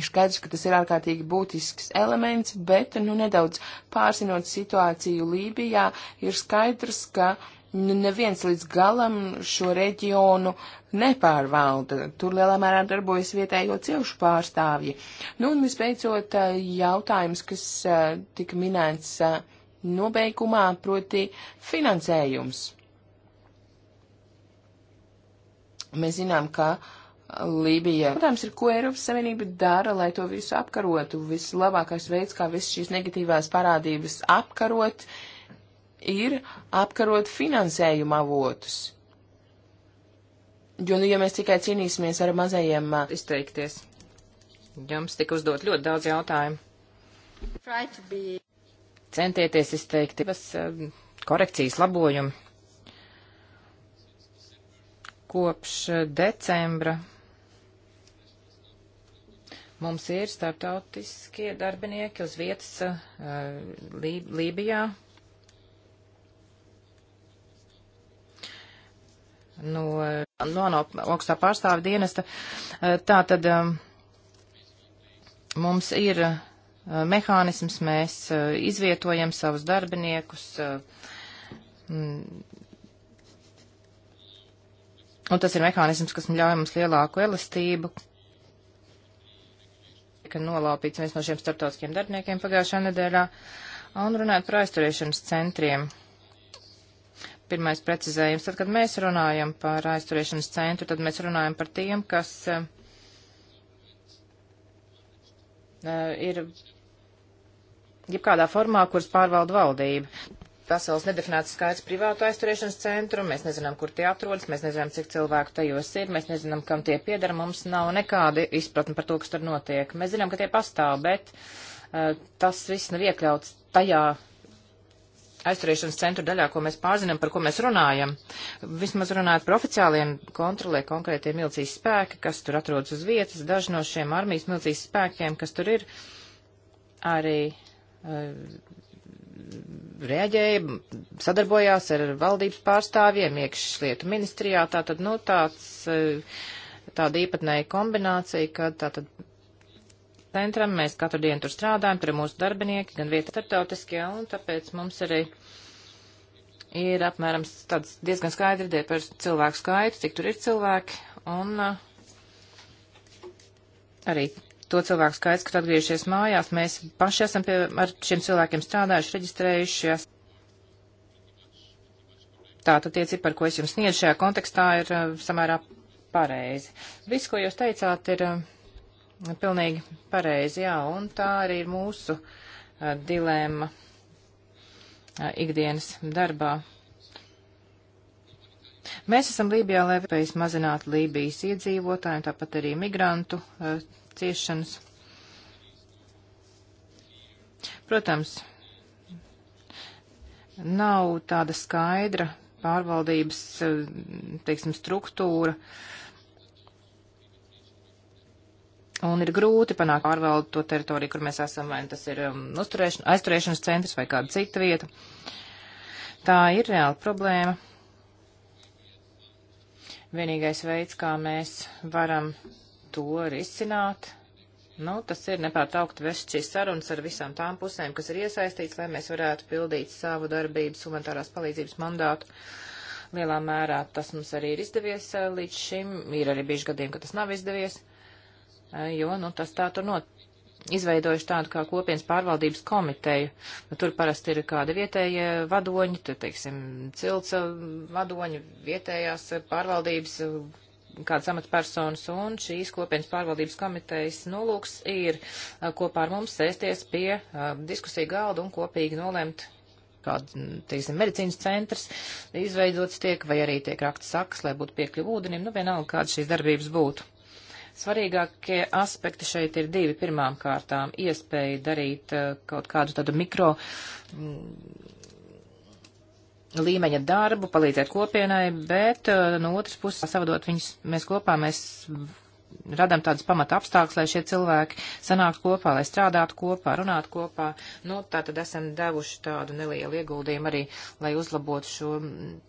skaidrs, ka tas ir ārkārtīgi būtisks elements, bet, nu, nedaudz pārsinot situāciju Lībijā, ir skaidrs, ka. Uh, neviens līdz galam šo reģionu nepārvalda. Tur lielā mērā darbojas vietējo cilšu pārstāvji. Nu un visbeidzot eh, jautājums, kas eh, tika minēts eh, nobeigumā, proti finansējums. Mēs zinām, ka Lībija. Protams, ir ko Eiropas Savienība dara, lai to visu apkarotu. Vislabākais veids, kā visas šīs negatīvās parādības apkarot, uh, ir apkarot finansējuma avotus. Jo, nu, ja mēs tikai cīnīsimies ar mazajiem uh, izteikties, jums tika uzdot ļoti daudz jautājumu. Be... Centieties izteikt divas uh, korekcijas labojumi. Kopš uh, decembra mums ir starptautiskie darbinieki uz vietas Lībijā. Lī no, no, no augstā pārstāva dienesta. Eh, tā tad eh, mums ir eh, mehānisms, mēs izvietojam savus darbiniekus. Mm. Un tas ir mehānisms, kas ļauj mums lielāku elastību, tika nolaupīts viens no šiem starptautiskiem darbiniekiem pagājušā nedēļā. Un runājot par aizturēšanas centriem pirmais precizējums. Tad, kad mēs runājam par aizturēšanas centru, tad mēs runājam par tiem, kas uh, ir jebkādā formā, kuras pārvalda valdība. Pasaules nedefinēts skaits privātu aizturēšanas centru, mēs nezinām, kur tie atrodas, mēs nezinām, cik cilvēku tajos ir, mēs nezinām, kam tie piedara, mums nav nekāda izpratne par to, kas tur notiek. Mēs zinām, ka tie pastāv, bet uh, tas viss nav iekļauts tajā aizturēšanas centru daļā, ko mēs pārzinām, par ko mēs runājam. Vismaz runājot par oficiāliem kontrolē konkrētie milicijas spēki, kas tur atrodas uz vietas, daži no šiem armijas milicijas spēkiem, kas tur ir, arī uh, reaģēja, sadarbojās ar valdības pārstāvjiem, iekšlietu ministrijā, tātad, nu, tāds, uh, tāda īpatnēja kombinācija, ka tātad centram. Mēs katru dienu tur strādājam, tur ir mūsu darbinieki, gan vieta starptautiskie, un tāpēc mums arī ir apmēram tāds diezgan skaidri ideja par cilvēku skaitu, cik tur ir cilvēki, un arī to cilvēku skaits, kad atgriežies mājās, mēs paši esam pie, ar šiem cilvēkiem strādājuši, reģistrējuši. Tātad tie cipari, ko es jums sniedzu šajā kontekstā, ir samērā pareizi. Viss, ko jūs teicāt, ir Pilnīgi pareizi, jā, un tā arī ir mūsu uh, dilēma uh, ikdienas darbā. Mēs esam Lībijā, lai vēlpējas mazināt Lībijas iedzīvotājiem, tāpat arī migrantu uh, ciešanas. Protams, nav tāda skaidra pārvaldības, teiksim, struktūra. Uh, Un ir grūti panākt pārvaldu to teritoriju, kur mēs esam, vai tas ir um, aizturēšanas centrs vai kāda cita vieta. Tā ir reāla problēma. Vienīgais veids, kā mēs varam to risināt, nu, tas ir nepārtraukt vest šīs sarunas ar visām tām pusēm, kas ir iesaistīts, lai mēs varētu pildīt savu darbības humanitārās palīdzības mandātu. Lielā mērā tas mums arī ir izdevies uh, līdz šim. Ir arī bijuši gadījumi, ka tas nav izdevies. Eh, jo, nu, tas tā tur not, izveidojuši tādu kā kopienas pārvaldības komiteju. Nu, tur parasti ir kādi vietējie vadoņi, tur, teiksim, cilca eh, vadoņi, vietējās eh, pārvaldības, kādas amatpersonas, un šīs kopienas pārvaldības komitejas nolūks nu, ir kopā ar mums sēsties pie diskusiju galda un kopīgi nolemt kāda, teiksim, medicīnas centrs izveidots tiek, vai arī tiek rakts saks, lai būtu piekļuvi ūdenim, nu vienalga, kāda šīs darbības būtu. Svarīgākie aspekti šeit ir divi. Pirmām kārtām iespēja darīt eh, kaut kādu tādu mikro mm, līmeņa darbu, palīdzēt kopienai, bet eh, no otras puses savadot viņus mēs kopā, mēs radam tādus pamata apstākļus, lai šie cilvēki sanāktu kopā, lai strādātu kopā, runātu kopā. Nu, tā tad esam devuši tādu nelielu ieguldījumu arī, lai uzlabotu šo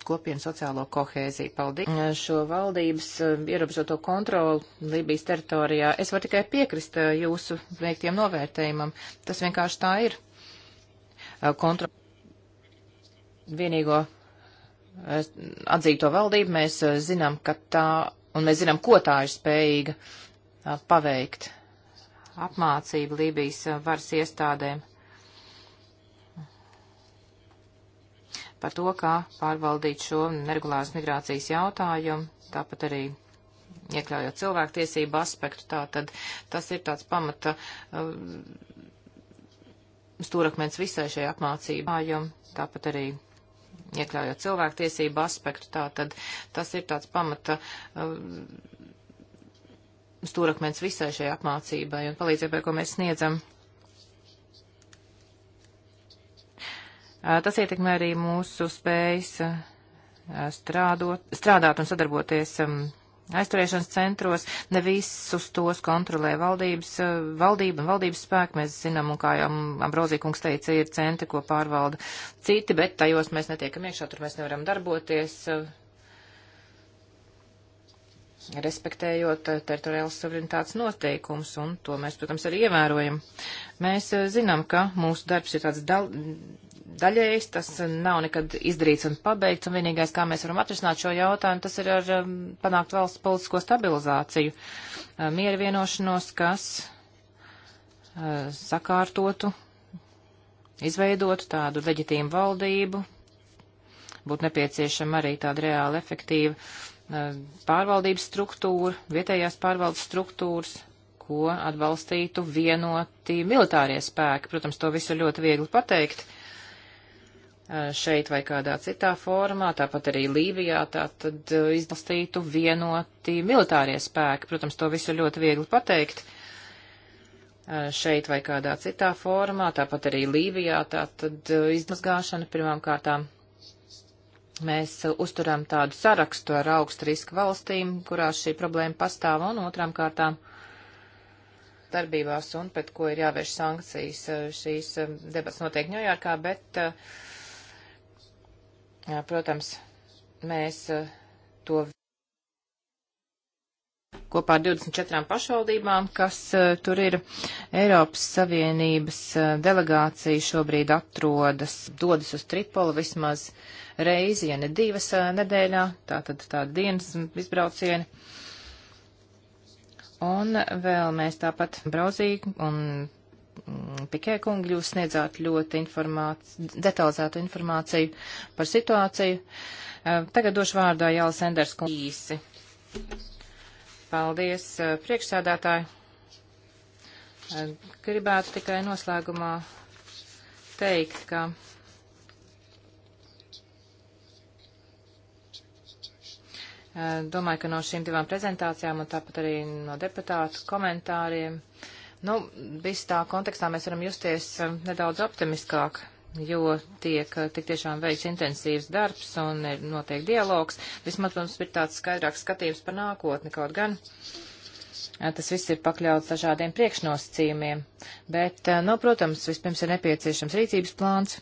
kopienu sociālo kohēziju. Paldies šo valdības eh, ierobežoto kontroli Libijas teritorijā. Es varu tikai piekrist eh, jūsu veiktiem novērtējumam. Tas vienkārši tā ir. Eh, kontro... Vienīgo atzīto valdību mēs zinām, ka tā un mēs zinām, ko tā ir spējīga a, uh, paveikt. Apmācība Lībijas uh, varas iestādēm par to, kā pārvaldīt šo neregulāras migrācijas jautājumu, tāpat arī iekļaujot cilvēktiesību aspektu, tā tad tas ir tāds pamata uh, stūrakmens visai šai apmācībai, tāpat arī iekļaujot cilvēktiesību aspektu, tā tad tas ir tāds pamata um, stūrakmens visai šai apmācībai un palīdzībai, ko mēs sniedzam. Uh, tas ietekmē arī mūsu spējas uh, strādot, strādāt un sadarboties um, aizturēšanas centros, ne visus tos kontrolē valdības, eh, valdība un valdības spēki, mēs zinām, un kā jau Ambrozīkungs teica, ir centri, ko pārvalda citi, bet tajos mēs netiekam iekšā, tur mēs nevaram darboties, eh, respektējot eh, teritoriālas suverenitātes noteikumus, un to mēs, protams, arī ievērojam. Mēs zinām, ka mūsu darbs ir tāds dal daļējs, tas nav nekad izdarīts un pabeigts, un vienīgais, kā mēs varam atrisināt šo jautājumu, tas ir ar um, panākt valsts politisko stabilizāciju, um, uh, mieru vienošanos, kas uh, sakārtotu, izveidotu tādu leģitīmu valdību, būtu nepieciešama arī tāda reāli efektīva uh, pārvaldības struktūra, vietējās pārvaldes struktūras, ko atbalstītu vienoti militārie spēki. Protams, to visu ļoti viegli pateikt. Uh, Eh, šeit vai kādā citā formā, tāpat arī Lībijā, tātad eh, izbalstītu vienoti militārie spēki. Protams, to visu ļoti viegli pateikt eh, šeit vai kādā citā formā, tāpat arī Lībijā, tātad izmazgāšana pirmām kārtām. Mēs uzturam tādu sarakstu ar augstu risku valstīm, kurās šī problēma pastāv, un otrām kārtām darbībās un pret ko ir jāvērš sankcijas. Šīs debats notiek Ņujorkā, bet uh, Protams, mēs eh, to kopā ar 24 pašvaldībām, kas uh, tur ir. Eiropas Savienības uh, delegācija šobrīd atrodas, dodas uz Tripoli vismaz reizi, ja ne divas uh, nedēļā, tā tad tāda dienas izbraucieni. Un vēl mēs tāpat brauzīju un Mm, Pikē kungi, jūs sniedzāt ļoti informāci, detalizētu informāciju par situāciju. Eh, tagad došu vārdā Jālis Enders kungi īsi. Paldies, eh, priekšsēdētāji. Eh, gribētu tikai noslēgumā teikt, ka. Domāju, ka no šīm divām prezentācijām un tāpat arī no deputātu komentāriem uh, Nu, visu tā kontekstā mēs varam justies eh, nedaudz optimiskāk, jo tiek eh, tik tiešām veiks intensīvs darbs un notiek dialogs. Vismaz mums ir tāds skaidrāks skatījums par nākotni kaut gan. Eh, tas viss ir pakļauts dažādiem priekšnosacījumiem, bet, nu, protams, vispirms ir nepieciešams rīcības plāns.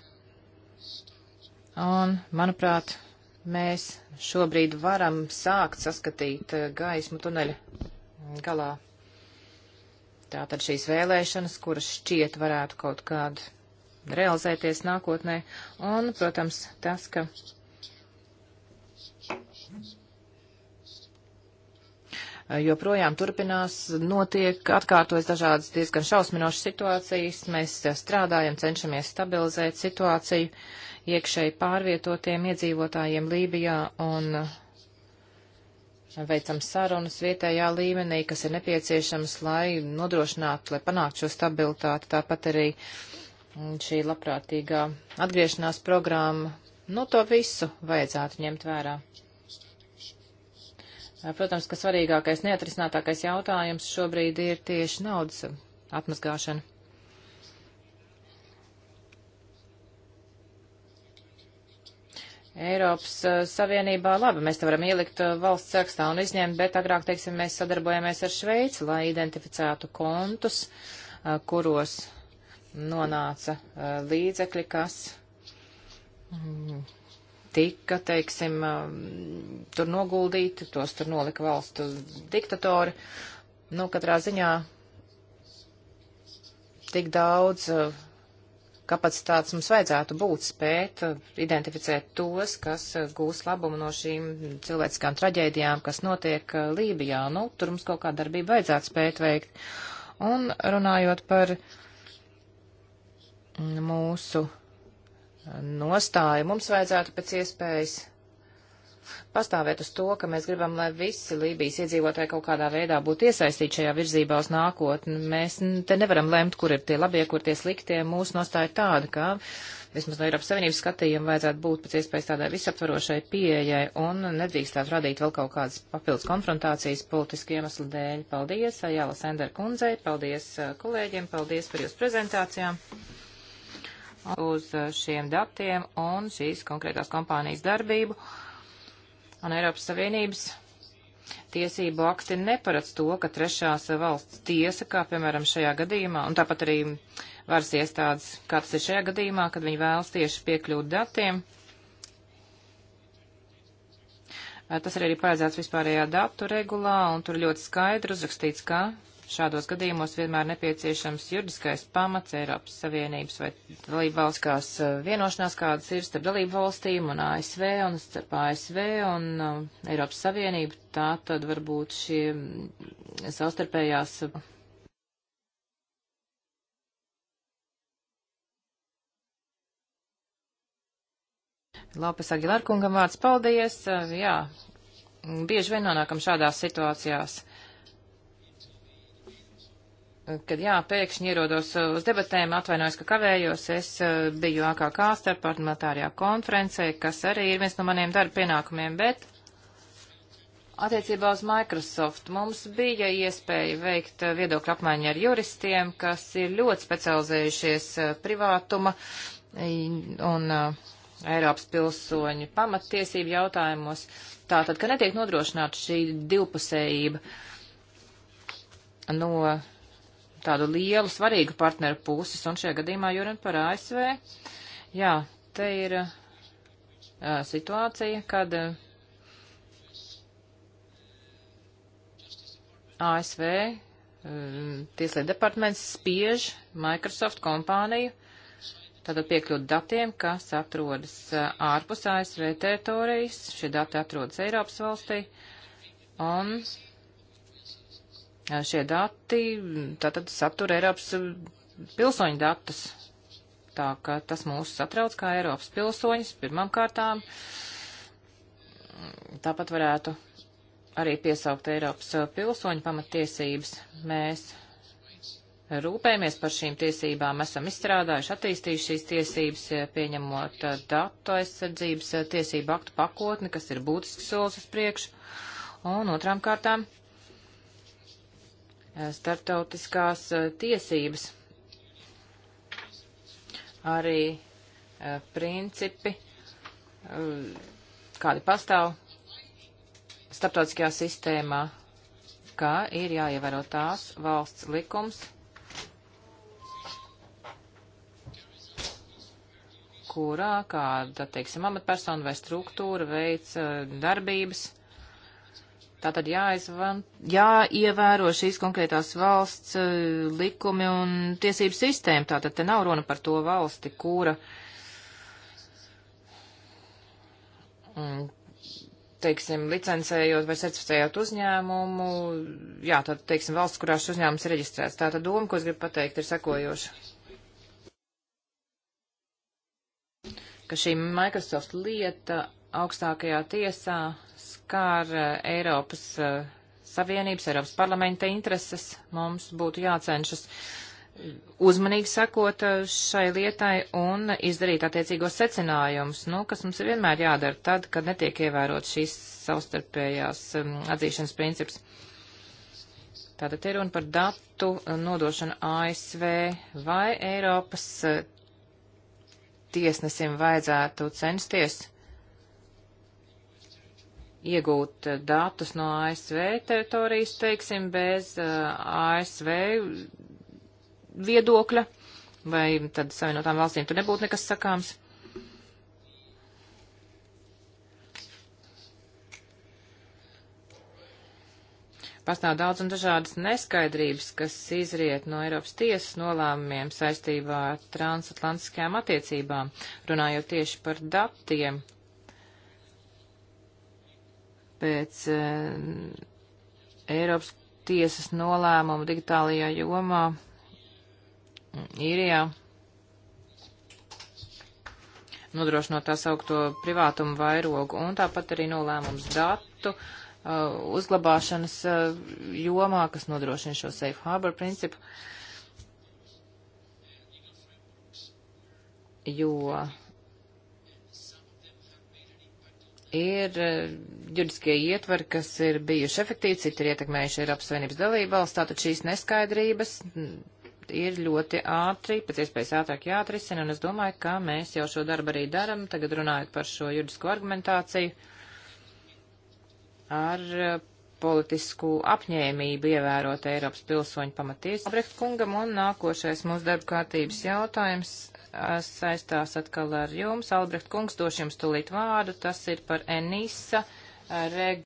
Un, manuprāt, mēs šobrīd varam sākt saskatīt gaismu tuneļa galā. Tātad šīs vēlēšanas, kuras šķiet varētu kaut kādu realizēties nākotnē, un, protams, tas, ka joprojām turpinās, notiek, atkārtojas dažādas diezgan šausminošas situācijas. Mēs strādājam, cenšamies stabilizēt situāciju iekšēji pārvietotiem iedzīvotājiem Lībijā un veicam sarunas vietējā līmenī, kas ir nepieciešams, lai nodrošinātu, lai panāktu šo stabilitāti. Tāpat arī šī labprātīgā atgriešanās programma, nu to visu vajadzētu ņemt vērā. Protams, ka svarīgākais, neatrisinātākais jautājums šobrīd ir tieši naudas atmazgāšana. Eiropas uh, Savienībā, labi, mēs te varam ielikt uh, valsts sarakstā un izņemt, bet agrāk, teiksim, mēs sadarbojamies ar Šveici, lai identificētu kontus, uh, kuros nonāca līdzekļi, kas mm, tika, teiksim, um, tur noguldīti, tos tur nolika valstu diktatori. Nu, katrā ziņā tik daudz kapacitātes mums vajadzētu būt spēt eh, identificēt tos, kas eh, gūs labumu no šīm cilvēciskām traģēdijām, kas notiek eh, Lībijā. Nu, tur mums kaut kā darbība vajadzētu spēt veikt. Un runājot par mm, mūsu nostāju, mums vajadzētu pēc iespējas pastāvēt uz to, ka mēs gribam, lai visi Lībijas iedzīvotāji kaut kādā veidā būtu iesaistīti šajā virzībā uz nākotni. Mēs te nevaram lemt, kur ir tie labie, kur tie sliktie. Mūsu nostāja tāda, ka vismaz no Eiropas Savienības skatījuma vajadzētu būt pēc iespējas tādai visaptvarošai pieejai un nedrīkstētu radīt vēl kaut kādas papildus konfrontācijas politiski iemeslu dēļ. Paldies Jāla Sender kundzei, paldies uh, kolēģiem, paldies par jūsu prezentācijām uz uh, šiem datiem un šīs konkrētās kompānijas darbību un Eiropas Savienības tiesību akti neparedz to, ka trešās valsts tiesa, kā piemēram šajā gadījumā, un tāpat arī varas iestādes, kā tas ir šajā gadījumā, kad viņi vēlas tieši piekļūt datiem. Tas ir arī paredzēts vispārējā datu regulā, un tur ļoti skaidri uzrakstīts, ka Šādos gadījumos vienmēr nepieciešams juridiskais pamats Eiropas Savienības vai dalību valstskās eh, vienošanās, kādas ir starp dalību valstīm un ASV un starp ASV un uh, Eiropas Savienību. Tā tad varbūt šie mm, savstarpējās. Eh, Lopes Agilārkungam vārds paldies. Uh, jā, bieži vien nonākam šādās situācijās kad jā, pēkšņi ierodos uz debatēm, atvainojos, ka kavējos, es eh, biju AKK starpparlamentārajā konferencē, kas arī ir viens no maniem darba pienākumiem, bet attiecībā uz Microsoft mums bija iespēja veikt eh, viedokļu apmaiņu ar juristiem, kas ir ļoti specializējušies eh, privātuma un Eiropas pilsoņu pamattiesību jautājumos, tātad, ka netiek nodrošināta šī divpusējība no tādu lielu, svarīgu partneru puses, un šajā gadījumā jau runa par ASV. Jā, te ir uh, situācija, kad uh, ASV uh, um, tieslietu departaments spiež Microsoft kompāniju tātad piekļūt datiem, kas atrodas uh, ārpus ASV teritorijas. Šie dati atrodas Eiropas valstī. Un Eh, šie dati, tātad satura Eiropas eh, pilsoņu datus. Tā ka tas mūs satrauc kā Eiropas pilsoņus pirmām kārtām. Tāpat varētu arī piesaukt Eiropas eh, pilsoņu pamatiesības. Mēs rūpējamies par šīm tiesībām, esam izstrādājuši, attīstījuši šīs tiesības, pieņemot datu aizsardzības tiesību aktu pakotni, kas ir būtisks solis uz priekšu. Un otrām kārtām Eh, starptautiskās eh, tiesības. Arī eh, principi, kādi pastāv starptautiskajā sistēmā, kā ir jāievēro tās valsts likums, kurā kāda, teiksim, amatpersona vai struktūra veic darbības Tātad jāizvan, jāievēro šīs konkrētās valsts eh, likumi un tiesību sistēma. Tātad te nav runa par to valsti, kura, mm, teiksim, licencējot vai certificējot uzņēmumu, jā, tad, teiksim, valsts, kurā šis uzņēmums ir reģistrēts. Tātad doma, ko es gribu pateikt, ir sekojoša. Ka šī Microsoft lieta augstākajā tiesā kā ar Eiropas Savienības, Eiropas parlamenta intereses mums būtu jācenšas uzmanīgi sekot šai lietai un izdarīt attiecīgos secinājumus, nu, kas mums ir vienmēr jādara tad, kad netiek ievērot šīs savstarpējās atzīšanas princips. Tātad ir runa par datu nodošanu ASV vai Eiropas tiesnesim vajadzētu censties uh, iegūt eh, datus no ASV teritorijas, teiksim, bez eh, ASV viedokļa, vai tad savienotām valstīm tur nebūtu nekas sakāms? pastāv daudz un dažādas neskaidrības, kas izriet no Eiropas tiesas nolēmumiem saistībā ar transatlantiskajām attiecībām, runājot tieši par datiem, pēc eh, Eiropas tiesas nolēmumu digitālajā jomā īrijā, nodrošinot tā saukto privātumu vairogu, un tāpat arī nolēmums datu uh, uzglabāšanas uh, jomā, kas nodrošina šo safe harbor principu, jo ir eh, juridiskie ietvari, kas ir bijuši efektīvi, citi ir ietekmējuši Eiropas Savienības dalību valsts, tātad šīs neskaidrības mm, ir ļoti ātri, pēc iespējas ātrāk jāatrisina, un es domāju, ka mēs jau šo darbu arī daram, tagad runājot par šo juridisko argumentāciju, ar eh, politisku apņēmību ievērot Eiropas pilsoņu pamaties. Abrecht kungam un nākošais mūsu darba kārtības jautājums saistās atkal ar jums. Albrecht kungs, došu jums tulīt vārdu. Tas ir par Enisa eh, reg